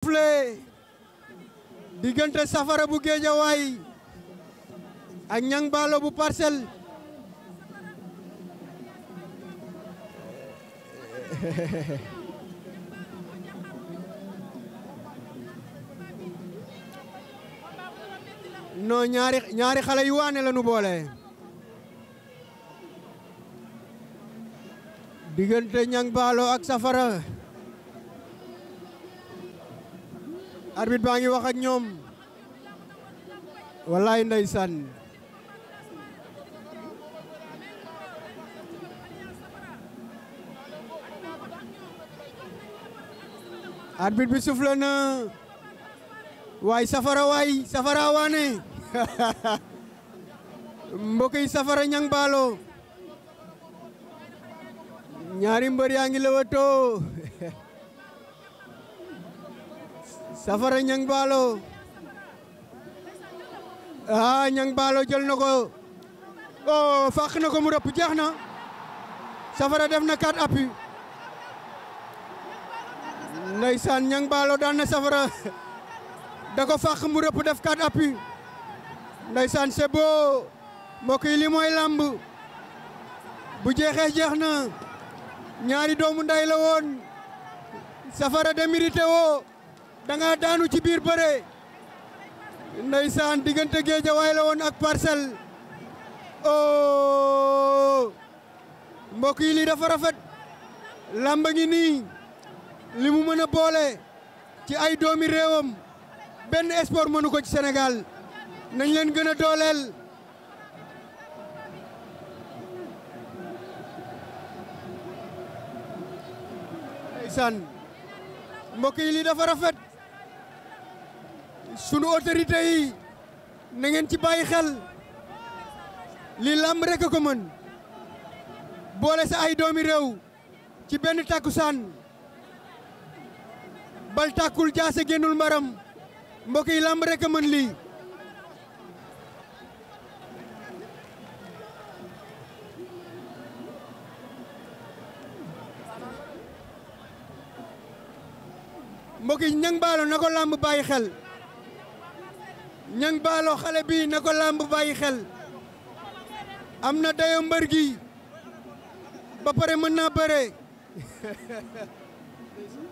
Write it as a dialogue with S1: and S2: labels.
S1: plaît digënté safara bu way ak ñang balo bu parcel. No ñaari ñaari xalé yu wané lañu nu digënté ñang balo ak safara arbitre ba ngi wax ak ñom wallahi ndaysan arbitre bi soufflé na way safara way safara wane mbokay safara ñang balo ñaari mbeur yaa ngi safara ñang baalo ah baalo jël na ko oh na ko mu rëpp jeex na safara def na quatre appuis ndeysaan ñang baalo daan na safara da ko fàq mu rëpp def quatre appuis ndeysaan c'est beau mbokk yi lii mooy làmb bu jeexee jeex na ñaari doomu nday la woon safara de mérité woo danga nga daanu ci biir bëre ndeysaan diggante Géejawaay la woon ak Parcelles oh mbokk yi lii dafa rafet lamba ngi nii li mën a boole ci ay doomi réewam benn sport mënu ko ci Sénégal nañ leen gën a dooleel ndeysaan mbokk yi lii dafa rafet sunu autorité yi na ci bàyyi xel lii làmb rek a ko mën boole sa ay doomi réew ci benn tàkkusaan bal tàkkul jaase génnul maram mbokk yi làmb rekk a mën lii mbokk yi ñang baalo na ko làmb bàyyi xel ñang baalo xale bi na ko làmb bàyyi xel am na dayo mbër gi ba pare mën naa bëre